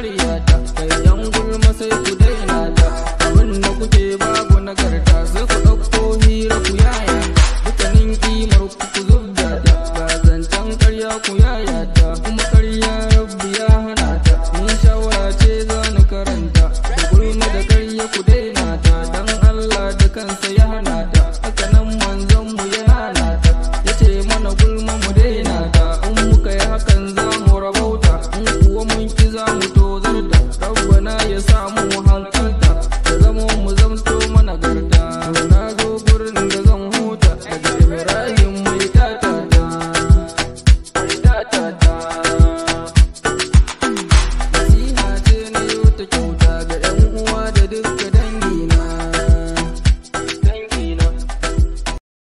karya ta kai yan gulma sai ku daina ta abin da kuke babu nagarta sai ku ɗauko hira ku yaya dukkanin kimar ku ku zubda ta ba zancen karya ku yaya ta kuma karya rabbi ya hana ta ni shawara ce za ni karanta da gulma da karya ku daina ta dan Allah da kansa ya hana samu hankali